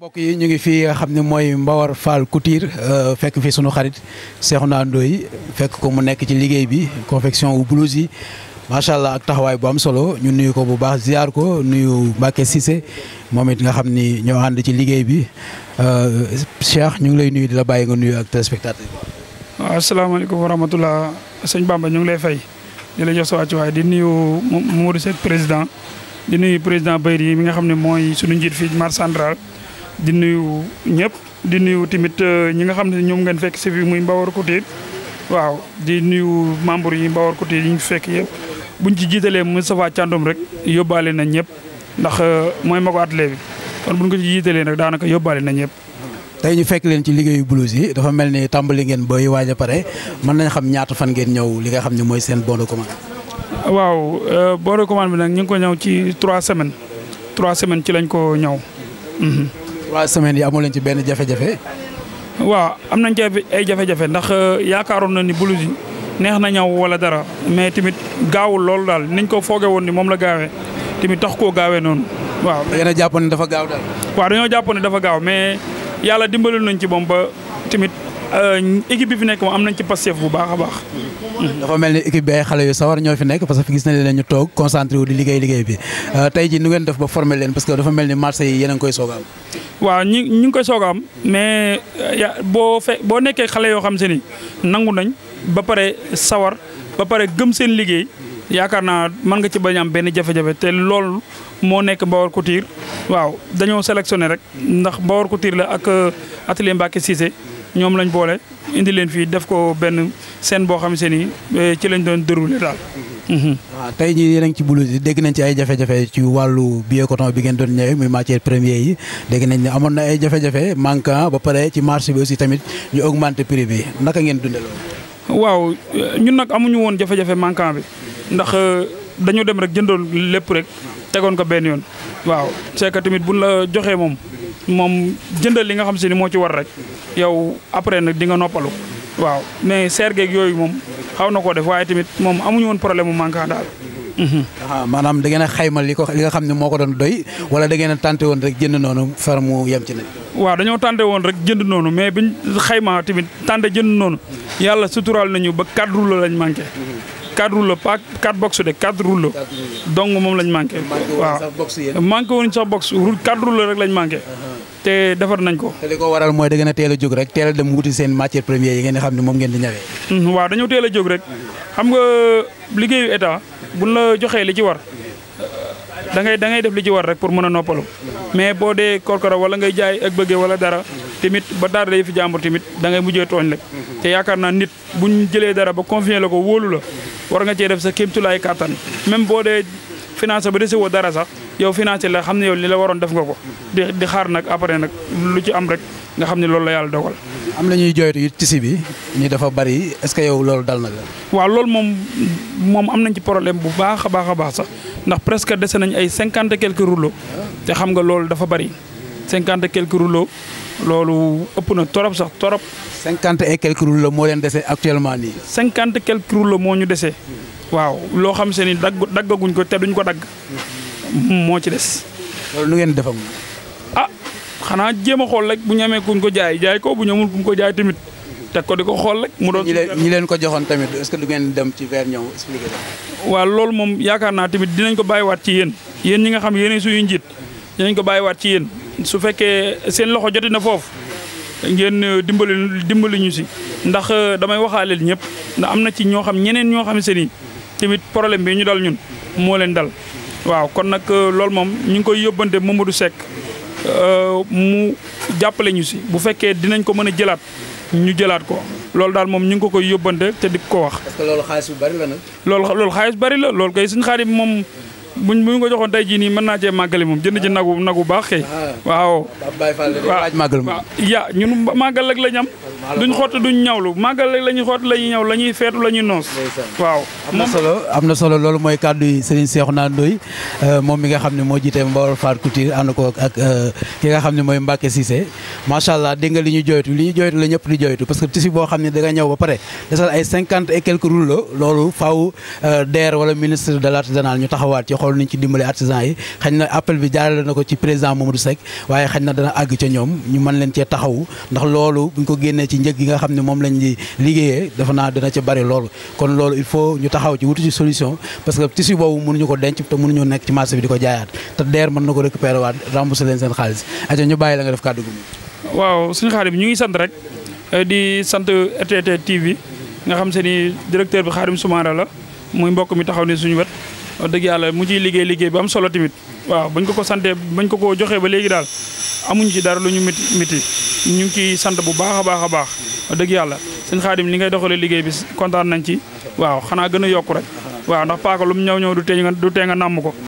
mbokk yi ñu ngi fii nga xam ne mooy Mbawar Fall Couture euh, fekk fi sunu xarit Cheikhouna Ndoye fekk ko mu nekk ci liggéey bi confection wu blouse yi macha allah ak taxawaay bu am solo ñu nuyu ko bu baax ziar ko nuyu Mbacke Cissé moom it nga xam ni ñoo ànd ci liggéey bi euh, Cheikh ñu ngi lay nuyu di la bàyyi nga nuyu ak téléspectateur yi. waaw asalaamaaleykum wa rahmatulah sëñ Bamba ñu ngi lay fay di la jox sa wàccuwaay di nuyu Mourou Seck président di nuyu président Bayri mi nga xam ne mooy sunu njiit fii Mar di nuyu ñëpp di nuyu tamit euh, ñi nga xam ne ñoom ngeen fekk si fi muy Mbawar Koutiir waaw di nuyu membre yi Mbawar Koutiir yi ñu fekk yëpp buñ ci jiitalee Moustapha Thiandoum rek yóbbaale na ñëpp ndax euh, mooy magu atelier bi kon buñ ko ci jiitalee nag daanaka yóbbaale na ñëpp. tey ñu fekk leen ci liggéeyu blouse yi dafa mel ni tàmbali ngeen booy waaj a pare mën nañ xam ñaata fan ngeen ñëw li nga xam ne mooy seen bon de waaw euh, bon de commande bi nag ñu ngi ko ñëw ci trois semaines trois semaines ci lañ ko ñëw. Mhm. trois semaines yi amu leen ci benn jafe-jafe. waaw am nañ ci ay jafe-jafe ndax euh, yaakaaroon na ni blouse yi neex na ñaw wala dara mais tamit gaawul loolu daal niñ ko fooge woon ni moom la gaawee tamit tax koo gaawee noonu waaw. yéen a jàpp ne dafa gaaw daal. waaw dañoo jàpp ne dafa gaaw mais yàlla dimbalul nañ ci moom ba tamit Euh, équipe bi fi nekk moom am nañ ci passef bu baax a baax. dafa mel ni équipe bi ay xale yu sawar ñoo fi nekk parce que gis nañ leen ñu toog concentré wu di liggéey liggéey bi euh, tey ji nu ngeen def ba former leen parce que dafa mel ni marché yi yéen koy soog a waaw ñi ñu ngi koy soog am mais euh, boo fe boo nekkee xale yoo xam se ni nangu nañ ba pare sawar ba pare gëm seen liggéey. yaakaar naa man nga ci bañ am benn jafe-jafe te loolu moo nekk Baol Couture waaw dañoo sélectionné rek ndax Baol Couture la ak atelier Mbacké ñoom lañ boole indi leen fii def ko benn seen boo xam se ni eh, ci lañ doon déroulé daal. Mhm. waaw tey jii yéen a ngi ci dégg nañ ci ay jafe-jafe ci wàllu bio bi ngeen doon ñëwee muy matière premier yi dégg nañ ne amoon na ay jafe-jafe manquant ba pare ci marché bi aussi tamit ñu augmenté prix bi ndaka ngeen dundee loolu. waaw eh, ñun nag amuñu woon jafe-jafe manquant bi ndax eh, dañoo dem rek jëndoon lépp rek tegoon ko benn yoon waaw c'est que tamit la joxee moom moom jëndal li nga xam si ni moo ci war rek yow après nag di nga noppalu waaw mais seer geeg yooyu moom xaw na koo def waaye tamit moom amuñu woon problème mu manquant daal mhm. a ah, maanaam da ngeen a xaymal li ko li nga xam ne moo ko doon doy wala da ngeen a tànte woon rek jënd noonu far mu yem ci nag waaw dañoo tànte woon rek jënd noonu mais biñ xayma tamit tànte jënd noonu yàlla suturaal nañu ba kaddu la lañ manqué quatre rouleaux pas quatre box de quatre rouleaux. donc moom lañ manqué. waaw manqué woon sax box ru quatre rek lañ manqué. Uh-huh. te defar nañ ko. waral mooy da ngeen a teel a jóg rek teel a dem wuti seen matière première yi ngeen di xam ne moom ngeen di ñawee. Hmm, waaw dañoo teel a jóg rek xam nga liggéeyu état buñ la joxee li ci war. da ngay da ngay def li ci war rek pour mën a noppalu mais boo dee korkora wala ngay jaay a bëggee wala dara tamit ba dara day fi jàmbur tamit da ngay mujjee tooñ rek uh-huh. te yaakaar naa war nga cee def sa kéemtulaay kàttan même boo dee financer ba dese woo dara sax yow financé la xam ne yow li la waroon def nga ko di xaar nag après nag lu ci am rek nga xam ne loolu la yàlla dogal. am na ñuy jooytu it tisi bi ñi dafa bari est-ce que yow loolu dal na la. waaw loolu moom moom am nañ ci problème bu baax a baax a baax sax ndax presque dese nañ ay cinquante quelques rouleaux te xam nga loolu dafa bari cinquante quelques rouleaux loolu ëpp na torop sax torop. cinquante et quelques roues la moo leen dese actuellement nii. cinquante quelques roues la moo ñu dese. waaw loo xam se ni dagg daggaguñ ko te duñu ko dagg. moo ci des. loolu ngeen defam ah xanaa jéem a xool rek bu ñu amee kuñ ko jaay jaay ko bu ñu kuñ ko jaay tamit. teg ko di ko xool rek. mu doon ñi leen ñi leen ko joxoon tamit est-ce du ngeen dem ci vers ñoom expliqué waaw loolu moom yaakaar naa tamit dinañ ko bàyyiwaat ci yéen. yéen ñi nga xam yeneen suñu njiit. dinañ ko bàyyiwaat ci yéen. su fekkee seen loxo joti na foofu ngeen euh, dimbali dimbali ñu si ndax euh, damay waxaaleel ñëpp ndax am na ci ñoo xam ñeneen ñoo xam seen i tamit problème bi ñu dal ñun moo leen dal waaw kon nag euh, loolu moom ñu ngi koy yóbbante Mamadou Seck mu jàppale ñu si bu fekkee dinañ ko mën a jëlaat ñu jëlaat ko loolu daal moom ñu ngi ko koy yóbbante te di ko wax. parce loolu xaalis bu bari la nag. loolu loolu xaalis moom. buñ buñ ko joxoon tay jii nii mën naa cee màggale moom jënd ci nagu nagu baax kay. Ah. waaw waaw ya ñun màggal rek la ñam duñ xott duñ ñawlu màggal rek la ñuy xott la ñuy ñaw la ñuy feetu la ñuy noos waaw am na solo am na solo loolu mooy kàddu yi Serigne Cheikhouna Ndoye euh, moom mi nga xam ne moo jiite Mbaor Fall Couture ànd ko ak euh, ki nga xam ne mooy Mbacke Cissé macha allah dégg nga li ñu joytu li ñu joytu la ñëpp di joytu parce que tissu boo xam ne da nga ñëw ba pare desal ay cinquante et quelques rouleaux loolu faaw euh, DER wala ministre ñu taxawaat ci xool nañ ci dimbale artisan yi xañ na appel bi jaarale na ko ci président Mamadou Seck waaye xañ na dana àgg ca ñoom ñu mën ko génnee ci njëg gi nga xam ne moom lañ di liggéeyee dafa naa dana ca bari loolu kon loolu faut ñu taxaw ci wutu ci solution parce que tissu boobu mënuñu ko denc te mënuñu bi di ko jaayaat te DER mën na ko récupérer waat remboursé leen seen xaalis aja ñu bàyyi la nga def kàddu waaw suñu xaadim ñu ngi sant rek eh, di sant RTT TV nga xam se ni directeur bi Xaadim Soumaré la muy mbokk mi taxaw ni suñu wet wax dëgg yàlla mu ciy liggéey liggéey bu am solo tamit waaw bañ ko ko santee bañ ko ko joxee ba léegi daal amuñ ci dara lu ñu miti miti ñu ngi ciy sant bu baax a baax a baax wax dëgg yàlla sëñ xaadim li ngay doxalee liggéey bi kontaan nañ ci waaw xanaa gën a yokku rek waaw ndax paaka lu mu ñaw ñëw du tee nga du tee nga nàmm ko